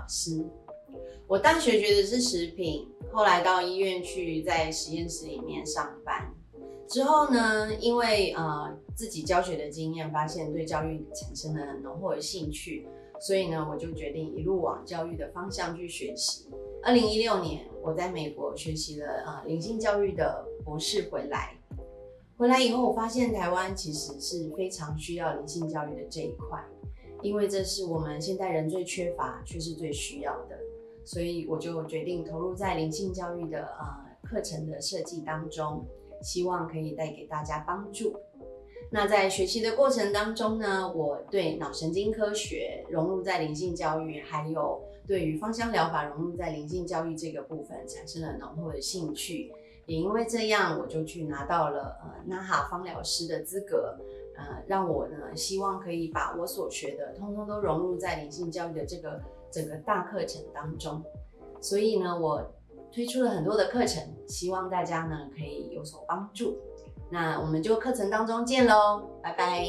老師，我大學學的是食品，後來到醫院去在實驗室裡面上班。之後呢，因為呃自己教學的經驗，發現對教育產生了很濃厚的興趣，所以呢，我就決定一路往教育的方向去學習。二零一六年，我在美國學習了呃靈性教育的博士回來，回來以後，我發現台灣其實是非常需要靈性教育的這一塊。因為這是我們現代人最缺乏，卻是最需要的，所以我就決定投入在靈性教育的呃課程的設計當中，希望可以帶給大家幫助。那在學習的過程當中呢，我對腦神經科學融入在靈性教育，還有對於芳香療法融入在靈性教育這個部分產生了濃厚的興趣，也因為這樣，我就去拿到了呃 NAHA 芳療師的資格。呃，讓我呢希望可以把我所學的通通都融入在靈性教育的這個整個大課程當中，所以呢，我推出了很多的課程，希望大家呢可以有所幫助。那我們就課程當中見嘍，拜拜。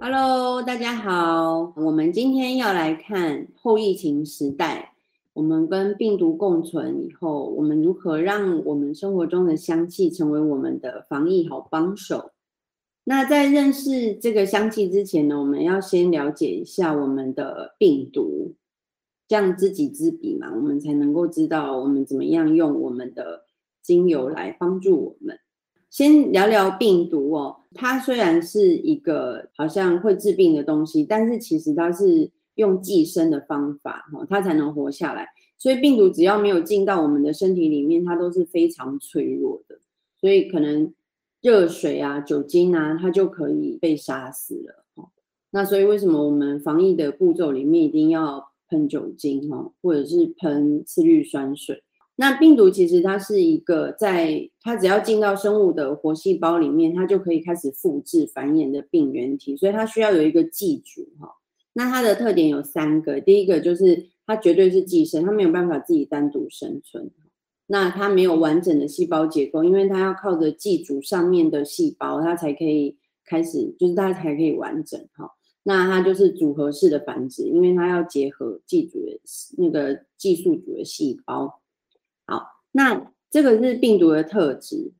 Hello，大家好，我們今天要來看後疫情時代。我們跟病毒共存以後，我們如何讓我們生活中的香氣成為我們的防疫好幫手？那在認識這個香氣之前呢，我們要先了解一下我們的病毒，這樣知己知彼嘛，我們才能夠知道我們怎麼樣用我們的精油來幫助我們。先聊聊病毒哦，它雖然是一個好像會致病的東西，但是其實它是。用寄生的方法，哈，它才能活下來。所以病毒只要沒有進到我們的身體裡面，它都是非常脆弱的。所以可能熱水啊、酒精啊，它就可以被殺死了。哈，那所以為什麼我們防疫的步驟裡面一定要噴酒精，啊，哈，或者是噴次氯酸水？那病毒其實它是一個在它只要進到生物的活細胞裡面，它就可以開始複製繁衍的病原體。所以它需要有一個寄主，哈。那它的特點有三個，第一個就是它絕對是寄生，它沒有辦法自己單獨生存。那它沒有完整的細胞結構，因為它要靠着寄主上面的細胞，它才可以開始，就是它才可以完整哈，哦。那它就是組合式的繁殖，因為它要結合寄主的那個寄宿主的細胞。好，那這個是病毒的特質。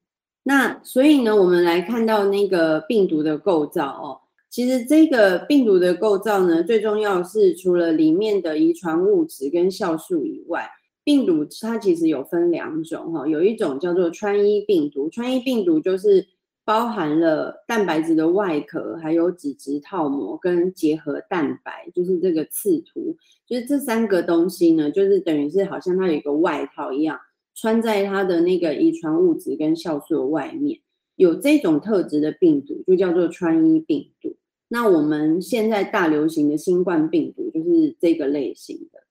那所以呢，我們來看到那個病毒的構造哦。其實這個病毒的構造呢，最重要是除了裡面的遺傳物質跟酵素以外，病毒它其實有分兩種哈，有一種叫做穿衣病毒，穿衣病毒就是包含了蛋白質的外殼，還有脂質套膜跟結合蛋白，就是這個刺突，就是這三個東西呢，就是等於是好像它有一個外套一樣，穿在它的那個遺傳物質跟酵素的外面，有這種特質的病毒就叫做穿衣病毒。那我們現在大流行的新冠病毒就是這個類型的。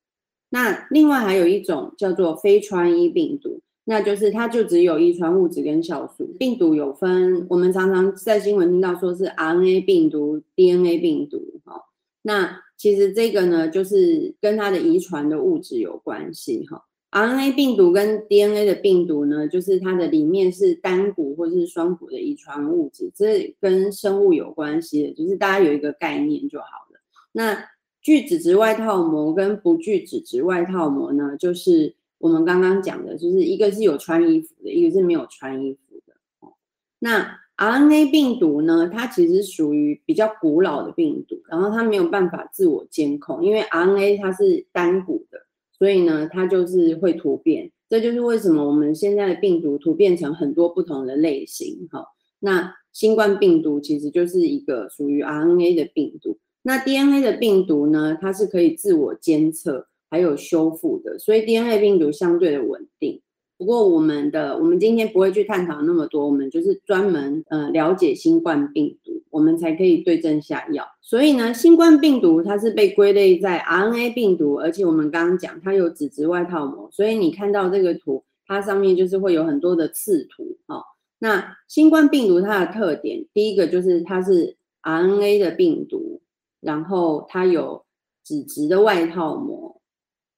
那另外還有一種叫做非穿衣病毒，那就是它就只有遺傳物質跟酵素。病毒有分，我們常常在新聞聽到說是 RNA 病毒、DNA 病毒。好，那其實這個呢，就是跟它的遺傳的物質有關係哈。RNA 病毒跟 DNA 的病毒呢，就是它的裡面是單股或者是雙股的遺傳物質，這跟生物有關係的，就是大家有一個概念就好了。那具脂質外套膜跟不具脂質外套膜呢，就是我們剛剛講的，就是一個是有穿衣服的，一個是沒有穿衣服的。哦。那 RNA 病毒呢，它其實屬於比較古老的病毒，然後它沒有辦法自我監控，因為 RNA 它是單股的。所以呢，它就是會突變，這就是為什麼我們現在的病毒突變成很多不同的類型。好、哦，那新冠病毒其實就是一個屬於 RNA 的病毒，那 DNA 的病毒呢，它是可以自我監測還有修復的，所以 DNA 病毒相對的穩定。不過我們的，我們今天不會去探討那麼多，我們就是專門呃了解新冠病毒。我們才可以對症下藥。所以呢，新冠病毒它是被歸類在 RNA 病毒，而且我們剛剛講它有脂質外套膜，所以你看到這個圖，它上面就是會有很多的刺突，哦。那新冠病毒它的特點，第一個就是它是 RNA 的病毒，然後它有脂質的外套膜，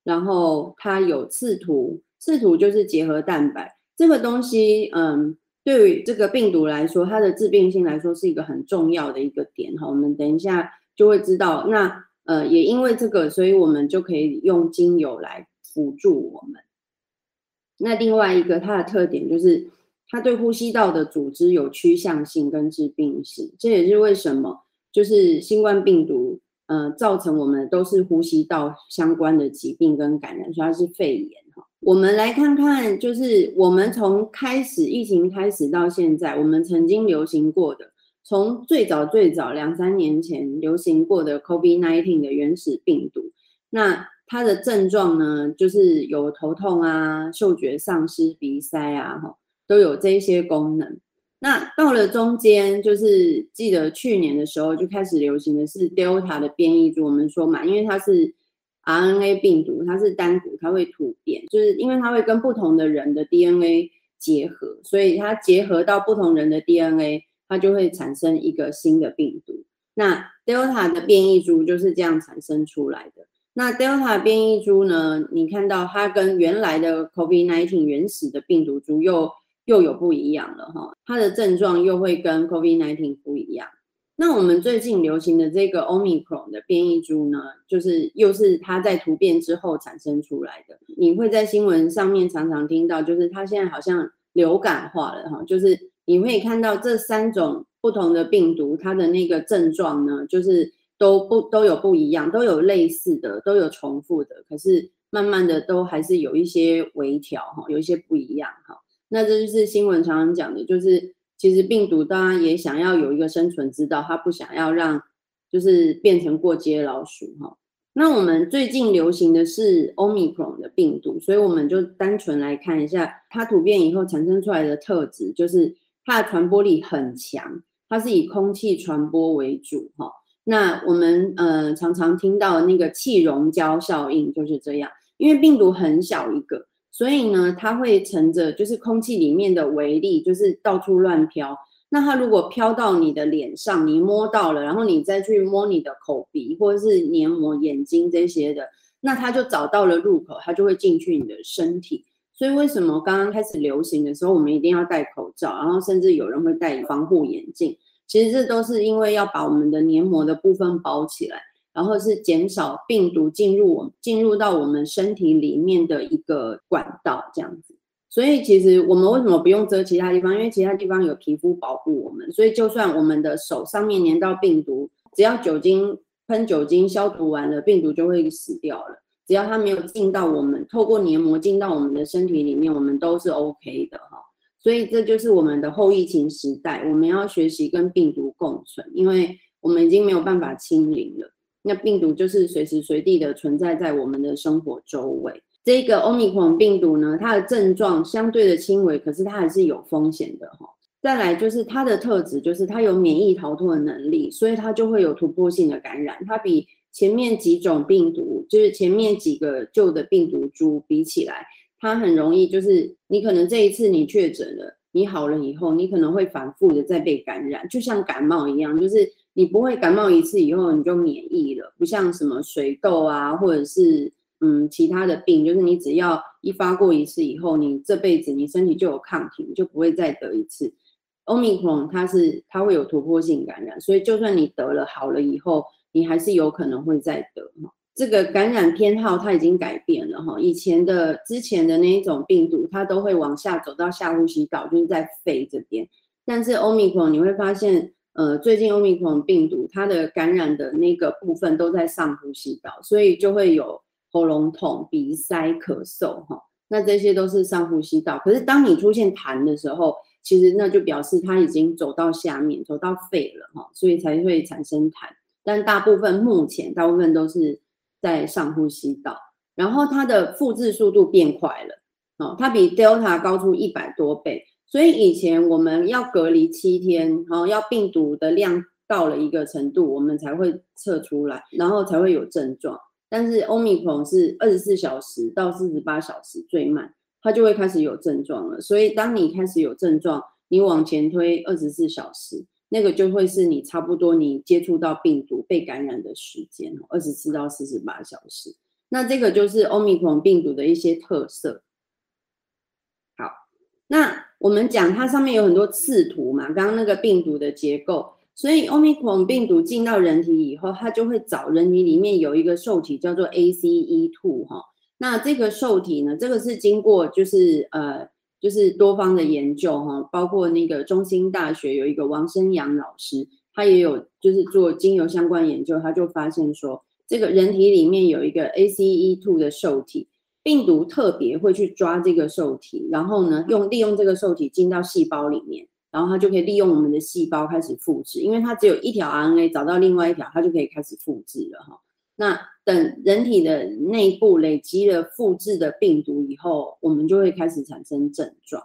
然後它有刺突，刺突就是結合蛋白。這個東西，嗯。對於這個病毒來說，它的致病性來說是一個很重要的一個點哈，我們等一下就會知道。那呃，也因為這個，所以我們就可以用精油來輔助我們。那另外一個它的特點就是，它對呼吸道的組織有趨向性跟致病性，這也是為什麼就是新冠病毒，呃，造成我們都是呼吸道相關的疾病跟感染，所以它是肺炎。我們來看看，就是我們從開始疫情開始到現在，我們曾經流行過的，從最早最早兩三年前流行過的 COVID nineteen 的原始病毒，那它的症狀呢，就是有頭痛啊、嗅覺喪失、鼻塞啊，吼，都有這些功能。那到了中間，就是記得去年的時候就開始流行的是 Delta 的變異株，我們說嘛，因為它是。RNA 病毒它是單獨，它會突變，就是因為它會跟不同的人的 DNA 結合，所以它結合到不同人的 DNA，它就會產生一個新的病毒。那 Delta 的變異株就是這樣產生出來的。那 Delta 變異株呢，你看到它跟原來的 COVID-19 原始的病毒株又又有不一樣了哈，它的症狀又會跟 COVID-19 不一樣。那我們最近流行的這個 Omicron 的變異株呢，就是又是它在突變之後產生出來的。你會在新聞上面常常聽到，就是它現在好像流感化了哈。就是你會看到這三種不同的病毒，它的那個症狀呢，就是都不都有不一樣，都有類似的，都有重複的，可是慢慢的都還是有一些微調哈，有一些不一樣哈。那這就是新聞常常講的，就是。其實病毒，當然也想要有一個生存之道，它不想要讓，就是變成過街老鼠哈。那我們最近流行的是 Omicron 的病毒，所以我們就單純來看一下它突變以後產生出來的特質，就是它的傳播力很強，它是以空氣傳播為主哈。那我們呃常常聽到的那個氣溶膠效應就是這樣，因為病毒很小一個。所以呢，它會乘着就是空氣裡面的微粒，就是到處亂飄。那它如果飄到你的臉上，你摸到了，然後你再去摸你的口鼻或者是黏膜、眼睛這些的，那它就找到了入口，它就會進去你的身體。所以為什麼剛剛開始流行的時候，我們一定要戴口罩，然後甚至有人會戴防護眼鏡？其實這都是因為要把我們的黏膜的部分包起來。然後是減少病毒進入我們進入到我們身體裡面的一個管道，這樣子，所以其實我們為什麼不用遮其他地方？因為其他地方有皮膚保護我們，所以就算我們的手上面粘到病毒，只要酒精噴酒精消毒完了，病毒就會死掉了。只要它沒有進到我們透過黏膜進到我們的身體裡面，我們都是 OK 的哈、哦。所以這就是我們的後疫情時代，我們要學習跟病毒共存，因為我們已經沒有辦法清零了。那病毒就是隨時隨地的存在在我們的生活周圍。這個 Omicron 病毒呢，它的症狀相對的輕微，可是它還是有風險的哈。再來就是它的特質，就是它有免疫逃脫的能力，所以它就會有突破性的感染。它比前面幾種病毒，就是前面幾個舊的病毒株比起來，它很容易就是你可能這一次你確診了，你好了以後，你可能會反覆的再被感染，就像感冒一樣，就是。你不會感冒一次以後你就免疫了，不像什麼水痘啊，或者是嗯其他的病，就是你只要一發過一次以後，你這輩子你身體就有抗體，你就不會再得一次。Omicron 它是它會有突破性感染，所以就算你得了好了以後，你還是有可能會再得。哈，這個感染偏好它已經改變了哈，以前的之前的那一種病毒它都會往下走到下呼吸道，就是在肺這邊，但是 Omicron 你會發現。呃，最近奧密克戎病毒它的感染的那個部分都在上呼吸道，所以就會有喉嚨痛、鼻塞、咳嗽哈、哦。那這些都是上呼吸道。可是當你出現痰的時候，其實那就表示它已經走到下面，走到肺了哈、哦，所以才會產生痰。但大部分目前大部分都是在上呼吸道，然後它的複製速度變快了，哦，它比 Delta 高出一百多倍。所以以前我們要隔離七天，然後要病毒的量到了一個程度，我們才會測出來，然後才會有症狀。但是奧密克戎是二十四小時到四十八小時最慢，它就會開始有症狀了。所以當你開始有症狀，你往前推二十四小時，那個就會是你差不多你接觸到病毒被感染的時間，二十四到四十八小時。那這個就是奧密克戎病毒的一些特色。那我們講它上面有很多刺突嘛，剛剛那個病毒的結構，所以 Omicron 病毒進到人體以後，它就會找人體裡面有一個受體叫做 ACE two 哈、哦。那這個受體呢，這個是經過就是呃就是多方的研究哈、哦，包括那個中興大學有一個王生陽老師，他也有就是做精油相關研究，他就發現說這個人體裡面有一個 ACE two 的受體。病毒特別會去抓這個受體，然後呢，用利用這個受體進到細胞裡面，然後它就可以利用我們的細胞開始複製，因為它只有一條 RNA，找到另外一條，它就可以開始複製了哈。那等人體的內部累積了複製的病毒以後，我們就會開始產生症狀。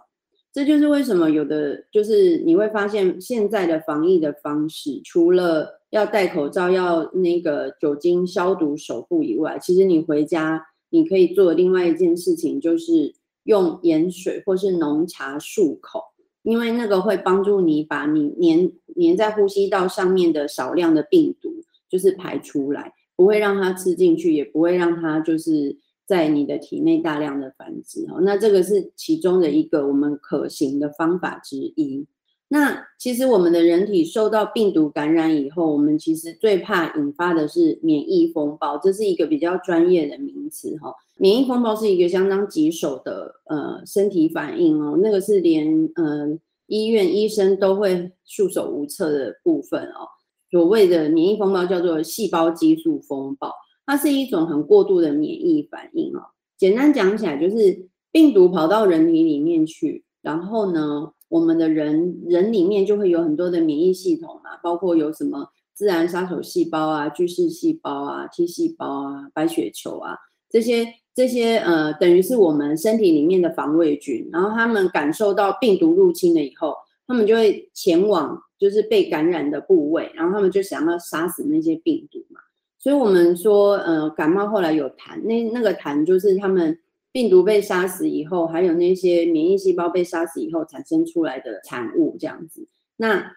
這就是為什麼有的就是你會發現現在的防疫的方式，除了要戴口罩、要那個酒精消毒手部以外，其實你回家。你可以做另外一件事情，就是用鹽水或是濃茶漱口，因為那個會幫助你把你黏黏在呼吸道上面的少量的病毒就是排出來，不會讓它吃進去，也不會讓它就是在你的體內大量的繁殖。哦，那這個是其中的一個我們可行的方法之一。那其實我們的人體受到病毒感染以後，我們其實最怕引發的是免疫風暴，這是一個比較專業的名詞哈、哦。免疫風暴是一個相當棘手的呃身體反應哦，那個是連嗯、呃、醫院醫生都會束手無策的部分哦。所謂的免疫風暴叫做細胞激素風暴，它是一種很過度的免疫反應哦，簡單講起來，就是病毒跑到人體裡面去，然後呢。我們的人人裡面就會有很多的免疫系統啊，包括有什麼自然殺手細胞啊、巨噬細胞啊、T 細胞啊、白血球啊這些這些呃，等於是我們身體裡面的防衛軍。然後他們感受到病毒入侵了以後，他們就會前往就是被感染的部位，然後他們就想要殺死那些病毒嘛。所以我們說，呃，感冒後來有痰，那那個痰就是他們。病毒被殺死以後，還有那些免疫細胞被殺死以後產生出來的產物，這樣子。那，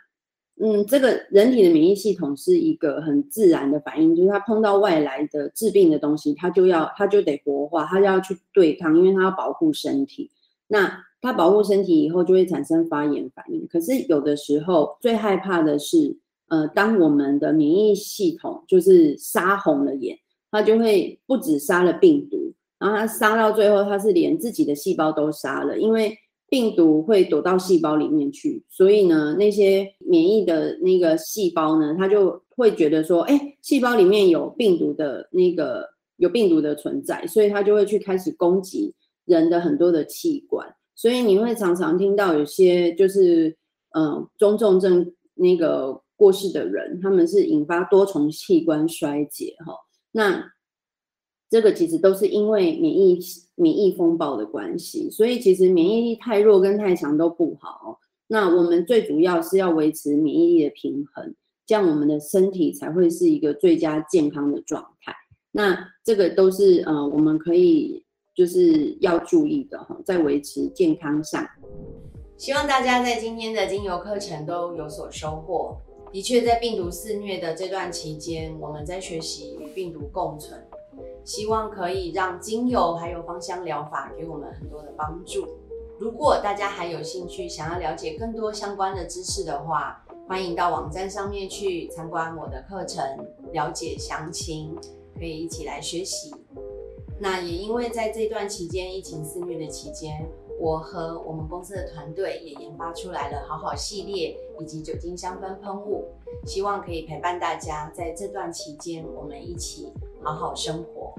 嗯，這個人體的免疫系統是一個很自然的反應，就是它碰到外來的致病的東西，它就要，它就得活化，它就要去對抗，因為它要保護身體。那它保護身體以後，就會產生發炎反應。可是有的時候，最害怕的是，呃，當我們的免疫系統就是殺紅了眼，它就會不止殺了病毒。然後他殺到最後，他是連自己的細胞都殺了，因為病毒會躲到細胞裡面去，所以呢，那些免疫的那個細胞呢，它就會覺得說，哎，細胞裡面有病毒的那個有病毒的存在，所以它就會去開始攻擊人的很多的器官，所以你會常常聽到有些就是嗯、呃、中重症那個過世的人，他們是引發多重器官衰竭哈、哦，那。這個其實都是因為免疫免疫風暴的關係，所以其實免疫力太弱跟太強都不好。那我們最主要是要維持免疫力的平衡，這樣我們的身體才會是一個最佳健康的狀態。那這個都是呃我們可以就是要注意的哈，在維持健康上。希望大家在今天的精油課程都有所收穫。的確，在病毒肆虐的這段期間，我們在學習與病毒共存。希望可以讓精油還有芳香療法給我們很多的幫助。如果大家還有興趣想要了解更多相關的知識的話，歡迎到網站上面去參觀我的課程，了解詳情，可以一起來學習。那也因為在這段期間，疫情肆虐的期間，我和我們公司的團隊也研發出來了好好系列以及酒精香氛噴霧，希望可以陪伴大家在這段期間，我們一起。好好生活。